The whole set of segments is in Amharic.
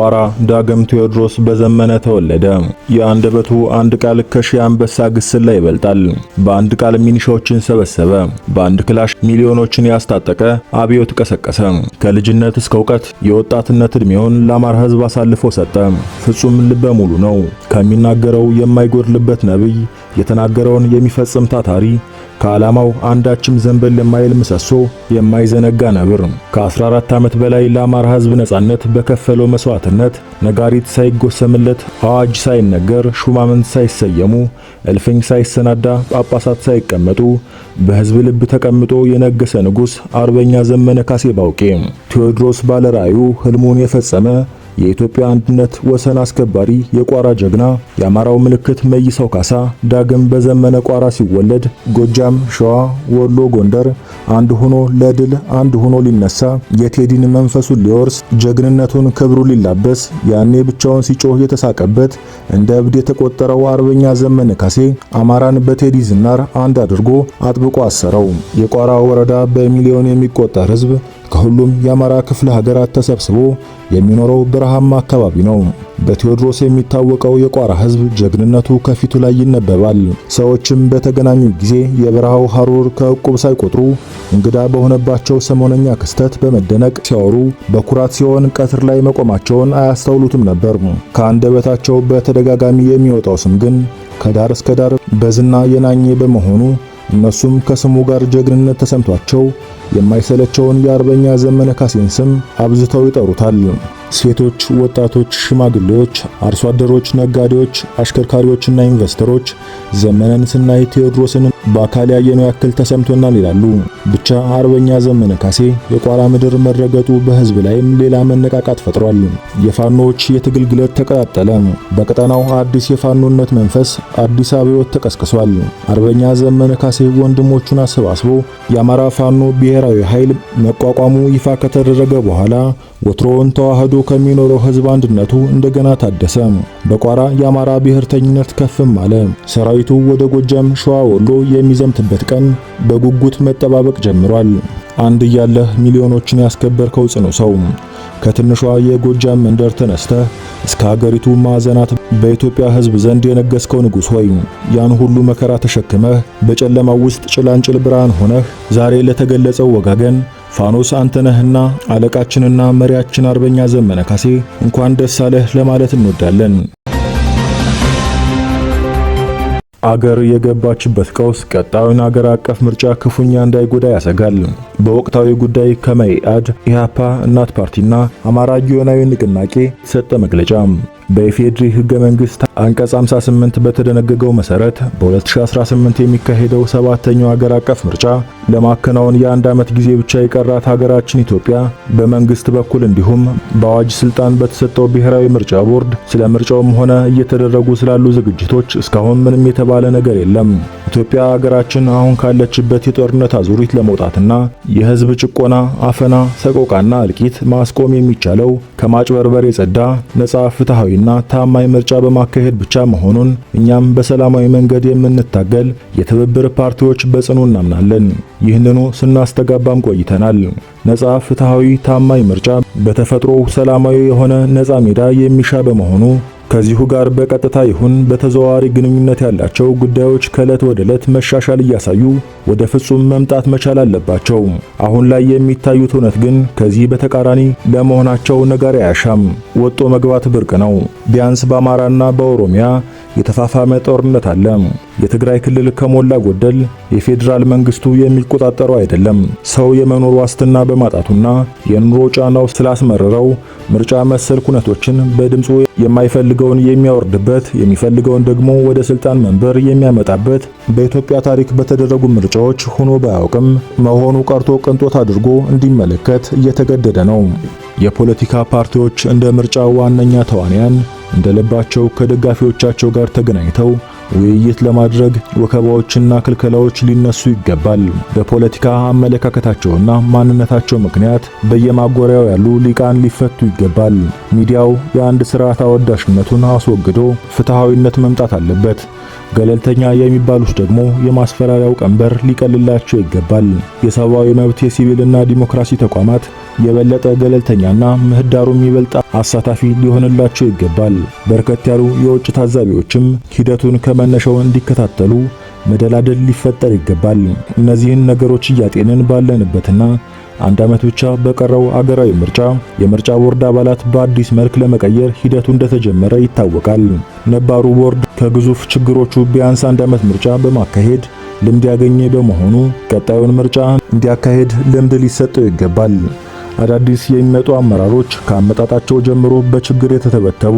ቋራ ዳግም ቴዎድሮስ በዘመነ ተወለደ። የአንደበቱ አንድ ቃል ከሺህ አንበሳ ግስላ ይበልጣል። በአንድ ቃል ሚኒሻዎችን ሰበሰበ። በአንድ ክላሽ ሚሊዮኖችን ያስታጠቀ አብዮት ቀሰቀሰ። ከልጅነት እስከ እውቀት የወጣትነት እድሜውን ለአማራ ሕዝብ አሳልፎ ሰጠ። ፍጹም ልበ ሙሉ ነው። ከሚናገረው የማይጎድልበት ነብይ፣ የተናገረውን የሚፈጽም ታታሪ ከዓላማው አንዳችም ዘንበል የማይል ምሰሶ፣ የማይዘነጋ ነብር። ከ14 ዓመት በላይ ለአማራ ሕዝብ ነጻነት በከፈለው መስዋዕትነት ነጋሪት ሳይጎሰምለት፣ አዋጅ ሳይነገር፣ ሹማምንት ሳይሰየሙ፣ እልፍኝ ሳይሰናዳ፣ ጳጳሳት ሳይቀመጡ በሕዝብ ልብ ተቀምጦ የነገሰ ንጉሥ አርበኛ ዘመነ ካሴ ባውቄ ቴዎድሮስ ባለራዩ ሕልሙን የፈጸመ የኢትዮጵያ አንድነት ወሰን አስከባሪ የቋራ ጀግና የአማራው ምልክት መይሰው ካሳ ዳግም በዘመነ ቋራ ሲወለድ ጎጃም፣ ሸዋ፣ ወሎ፣ ጎንደር አንድ ሆኖ ለድል አንድ ሆኖ ሊነሳ የቴዲን መንፈሱን ሊወርስ ጀግንነቱን ክብሩ ሊላበስ ያኔ ብቻውን ሲጮህ የተሳቀበት እንደ እብድ የተቆጠረው አርበኛ ዘመነ ካሴ አማራን በቴዲ ዝናር አንድ አድርጎ አጥብቆ አሰረው። የቋራ ወረዳ በሚሊዮን የሚቆጠር ህዝብ! ከሁሉም የአማራ ክፍለ ሀገራት ተሰብስቦ የሚኖረው በረሃማ አካባቢ ነው። በቴዎድሮስ የሚታወቀው የቋራ ሕዝብ ጀግንነቱ ከፊቱ ላይ ይነበባል። ሰዎችም በተገናኙ ጊዜ የበረሃው ሐሩር ከዕቁብ ሳይቆጥሩ እንግዳ በሆነባቸው ሰሞነኛ ክስተት በመደነቅ ሲያወሩ በኩራት ሲሆን ቀትር ላይ መቆማቸውን አያስተውሉትም ነበር። ከአንደበታቸው በተደጋጋሚ የሚወጣው ስም ግን ከዳር እስከ ዳር በዝና የናኘ በመሆኑ እነሱም ከስሙ ጋር ጀግንነት ተሰምቷቸው የማይሰለቸውን የአርበኛ ዘመነ ካሴን ስም አብዝተው ይጠሩታል። ሴቶች፣ ወጣቶች፣ ሽማግሌዎች፣ አርሶ አደሮች፣ ነጋዴዎች፣ አሽከርካሪዎችና ኢንቨስተሮች ዘመነን ስናይ ቴዎድሮስን በአካል ያየነው ያክል ተሰምቶናል ይላሉ። ብቻ አርበኛ ዘመነ ካሴ የቋራ ምድር መረገጡ በህዝብ ላይም ሌላ መነቃቃት ፈጥሯል። የፋኖዎች የትግል ግለት ተቀጣጠለ። በቀጠናው አዲስ የፋኖነት መንፈስ፣ አዲስ አብዮት ተቀስቅሷል። አርበኛ ዘመነ ካሴ ወንድሞቹን አሰባስቦ የአማራ ፋኖ ብሔራዊ ኃይል መቋቋሙ ይፋ ከተደረገ በኋላ ወትሮውን ተዋህዶ ከሚኖረው ህዝብ አንድነቱ እንደገና ታደሰ። በቋራ የአማራ ብሔርተኝነት ከፍም አለ። ሰራዊቱ ወደ ጎጃም፣ ሸዋ፣ ወሎ የሚዘምትበት ቀን በጉጉት መጠባበቅ ጀምሯል። አንድ እያለህ ሚሊዮኖችን ያስከበርከው ጽኑ ሰው ከትንሿ የጎጃም መንደር ተነስተህ እስከ ሀገሪቱ ማዕዘናት በኢትዮጵያ ሕዝብ ዘንድ የነገስከው ንጉሥ ሆይ ያን ሁሉ መከራ ተሸክመህ በጨለማው ውስጥ ጭላንጭል ብርሃን ሆነህ ዛሬ ለተገለጸው ወጋገን ፋኖስ አንተነህና አለቃችንና መሪያችን አርበኛ ዘመነ ካሴ እንኳን ደስ አለህ ለማለት እንወዳለን። አገር የገባችበት ቀውስ ቀጣዩን አገር አቀፍ ምርጫ ክፉኛ እንዳይጎዳ ያሰጋል። በወቅታዊ ጉዳይ ከመኢአድ፣ ኢህአፓ፣ እናት ፓርቲና አማራ ጊዮናዊ ንቅናቄ የተሰጠ መግለጫ በኢፌዴሪ ህገ መንግስት አንቀጽ 58 በተደነገገው መሰረት በ2018 የሚካሄደው ሰባተኛው ሀገር አቀፍ ምርጫ ለማከናወን የአንድ ዓመት ጊዜ ብቻ የቀራት ሀገራችን ኢትዮጵያ በመንግስት በኩል እንዲሁም በአዋጅ ስልጣን በተሰጠው ብሔራዊ ምርጫ ቦርድ ስለ ምርጫውም ሆነ እየተደረጉ ስላሉ ዝግጅቶች እስካሁን ምንም የተባለ ነገር የለም። ኢትዮጵያ ሀገራችን አሁን ካለችበት የጦርነት አዙሪት ለመውጣትና የህዝብ ጭቆና፣ አፈና፣ ሰቆቃና እልቂት ማስቆም የሚቻለው ከማጭበርበር የጸዳ ነጻ ፍትሃዊና ታማኝ ምርጫ በማካሄድ ብቻ መሆኑን እኛም በሰላማዊ መንገድ የምንታገል የትብብር ፓርቲዎች በጽኑ እናምናለን። ይህንኑ ስናስተጋባም ቆይተናል። ነጻ ፍትሃዊ፣ ታማኝ ምርጫ በተፈጥሮ ሰላማዊ የሆነ ነጻ ሜዳ የሚሻ በመሆኑ ከዚሁ ጋር በቀጥታ ይሁን በተዘዋዋሪ ግንኙነት ያላቸው ጉዳዮች ከእለት ወደ እለት መሻሻል እያሳዩ ወደ ፍጹም መምጣት መቻል አለባቸው። አሁን ላይ የሚታዩት እውነት ግን ከዚህ በተቃራኒ ለመሆናቸው ነገር አያሻም። ወጦ መግባት ብርቅ ነው። ቢያንስ በአማራና በኦሮሚያ የተፋፋመ ጦርነት አለ። የትግራይ ክልል ከሞላ ጎደል የፌዴራል መንግስቱ የሚቆጣጠረው አይደለም። ሰው የመኖር ዋስትና በማጣቱና የኑሮ ጫናው ስላስመረረው ምርጫ መሰል ኩነቶችን በድምፁ የማይፈልገውን የሚያወርድበት የሚፈልገውን ደግሞ ወደ ስልጣን መንበር የሚያመጣበት በኢትዮጵያ ታሪክ በተደረጉ ምርጫዎች ሆኖ ባያውቅም መሆኑ ቀርቶ ቅንጦት አድርጎ እንዲመለከት እየተገደደ ነው። የፖለቲካ ፓርቲዎች እንደ ምርጫው ዋነኛ ተዋንያን እንደ ልባቸው ከደጋፊዎቻቸው ጋር ተገናኝተው ውይይት ለማድረግ ወከባዎችና ክልከላዎች ሊነሱ ይገባል። በፖለቲካ አመለካከታቸውና ማንነታቸው ምክንያት በየማጎሪያው ያሉ ሊቃን ሊፈቱ ይገባል። ሚዲያው የአንድ ስርዓት አወዳሽነቱን አስወግዶ ፍትሃዊነት መምጣት አለበት። ገለልተኛ የሚባሉት ደግሞ የማስፈራሪያው ቀንበር ሊቀልላቸው ይገባል። የሰብአዊ መብት የሲቪልና ዲሞክራሲ ተቋማት የበለጠ ገለልተኛና ምህዳሩም ይበልጥ አሳታፊ ሊሆንላቸው ይገባል። በርከት ያሉ የውጭ ታዛቢዎችም ሂደቱን ከመነሻው እንዲከታተሉ መደላደል ሊፈጠር ይገባል። እነዚህን ነገሮች እያጤንን ባለንበትና አንድ ዓመት ብቻ በቀረው አገራዊ ምርጫ የምርጫ ቦርድ አባላት በአዲስ መልክ ለመቀየር ሂደቱ እንደተጀመረ ይታወቃል። ነባሩ ቦርድ ከግዙፍ ችግሮቹ ቢያንስ አንድ ዓመት ምርጫ በማካሄድ ልምድ ያገኘ በመሆኑ ቀጣዩን ምርጫ እንዲያካሄድ ልምድ ሊሰጠው ይገባል። አዳዲስ የሚመጡ አመራሮች ከአመጣጣቸው ጀምሮ በችግር የተተበተቡ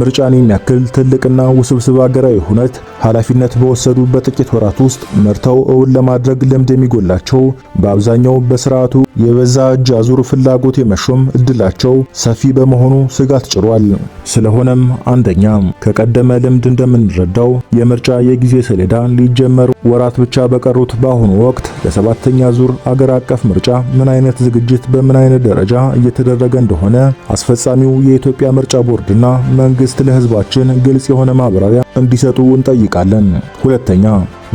ምርጫን የሚያክል ትልቅና ውስብስብ አገራዊ ሁነት ኃላፊነት በወሰዱ በጥቂት ወራት ውስጥ መርተው እውን ለማድረግ ልምድ የሚጎላቸው በአብዛኛው በስርዓቱ የበዛ እጅ አዙር ፍላጎት የመሾም እድላቸው ሰፊ በመሆኑ ስጋት ጭሯል። ስለሆነም አንደኛ ከቀደመ ልምድ እንደምንረዳው የምርጫ የጊዜ ሰሌዳ ሊጀመር ወራት ብቻ በቀሩት በአሁኑ ወቅት ለሰባተኛ ዙር አገር አቀፍ ምርጫ ምን አይነት ዝግጅት በምን አይነት ደረጃ እየተደረገ እንደሆነ አስፈጻሚው የኢትዮጵያ ምርጫ ቦርድና መንግስት ለህዝባችን ግልጽ የሆነ ማብራሪያ እንዲሰጡ እንጠይቃለን። ሁለተኛ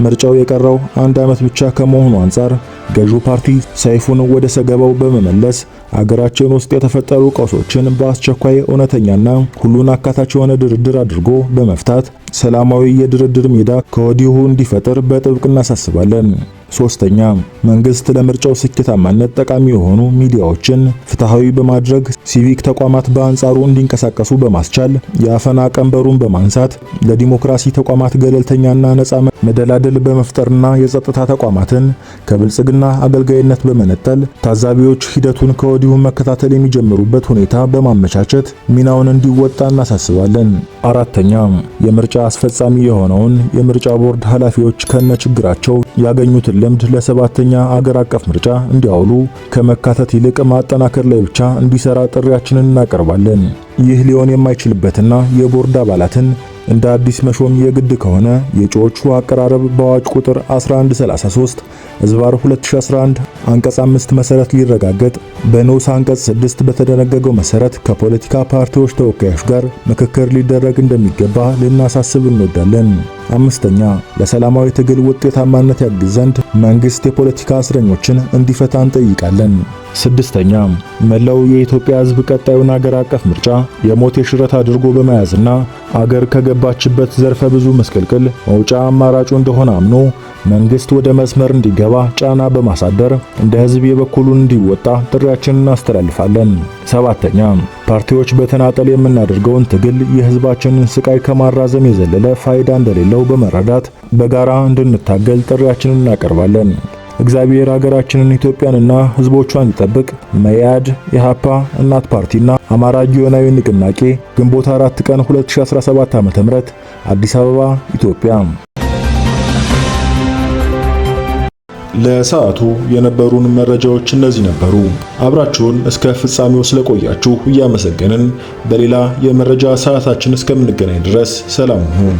ምርጫው የቀረው አንድ ዓመት ብቻ ከመሆኑ አንጻር ገዢው ፓርቲ ሰይፉን ወደ ሰገባው በመመለስ አገራችን ውስጥ የተፈጠሩ ቀውሶችን በአስቸኳይ እውነተኛና ሁሉን አካታች የሆነ ድርድር አድርጎ በመፍታት ሰላማዊ የድርድር ሜዳ ከወዲሁ እንዲፈጠር በጥብቅ እናሳስባለን። ሶስተኛ መንግስት ለምርጫው ስኬታማነት ጠቃሚ የሆኑ ሚዲያዎችን ፍትሃዊ በማድረግ ሲቪክ ተቋማት በአንጻሩ እንዲንቀሳቀሱ በማስቻል የአፈና ቀንበሩን በማንሳት ለዲሞክራሲ ተቋማት ገለልተኛና ነጻ መደላደል በመፍጠርና የጸጥታ ተቋማትን ከብልጽግና አገልጋይነት በመነጠል ታዛቢዎች ሂደቱን ከወዲሁ መከታተል የሚጀምሩበት ሁኔታ በማመቻቸት ሚናውን እንዲወጣ እናሳስባለን። አራተኛ የምርጫ አስፈጻሚ የሆነውን የምርጫ ቦርድ ኃላፊዎች ከነችግራቸው ያገኙትን ልምድ ለሰባተኛ አገር አቀፍ ምርጫ እንዲያውሉ ከመካተት ይልቅ ማጠናከር ላይ ብቻ እንዲሰራ ጥሪያችንን እናቀርባለን። ይህ ሊሆን የማይችልበትና የቦርድ አባላትን እንደ አዲስ መሾም የግድ ከሆነ የእጩዎቹ አቀራረብ በአዋጅ ቁጥር 1133 ዝባር 2011 አንቀጽ 5 መሰረት ሊረጋገጥ በንዑስ አንቀጽ 6 በተደነገገው መሰረት ከፖለቲካ ፓርቲዎች ተወካዮች ጋር ምክክር ሊደረግ እንደሚገባ ልናሳስብ እንወዳለን። አምስተኛ ለሰላማዊ ትግል ውጤታማነት ያግዝ ዘንድ መንግስት የፖለቲካ እስረኞችን እንዲፈታ እንጠይቃለን። ስድስተኛ መላው የኢትዮጵያ ሕዝብ ቀጣዩን አገር አቀፍ ምርጫ የሞት የሽረት አድርጎ በመያዝና አገር ከገባችበት ዘርፈ ብዙ መስቀልቅል መውጫ አማራጩ እንደሆነ አምኖ መንግስት ወደ መስመር እንዲገባ ጫና በማሳደር እንደ ሕዝብ የበኩሉን እንዲወጣ ጥሪያችንን እናስተላልፋለን። ሰባተኛ ፓርቲዎች በተናጠል የምናደርገውን ትግል የህዝባችንን ስቃይ ከማራዘም የዘለለ ፋይዳ እንደሌለው በመረዳት በጋራ እንድንታገል ጥሪያችንን እናቀርባለን። እግዚአብሔር ሀገራችንን ኢትዮጵያንና ህዝቦቿን ይጠብቅ። መያድ፣ የሃፓ እናት ፓርቲና አማራ ጊዮናዊ ንቅናቄ ግንቦት 4 ቀን 2017 ዓ.ም አዲስ አበባ፣ ኢትዮጵያ ለሰዓቱ የነበሩን መረጃዎች እነዚህ ነበሩ። አብራችሁን እስከ ፍጻሜው ስለቆያችሁ እያመሰገንን በሌላ የመረጃ ሰዓታችን እስከምንገናኝ ድረስ ሰላም ሁኑ።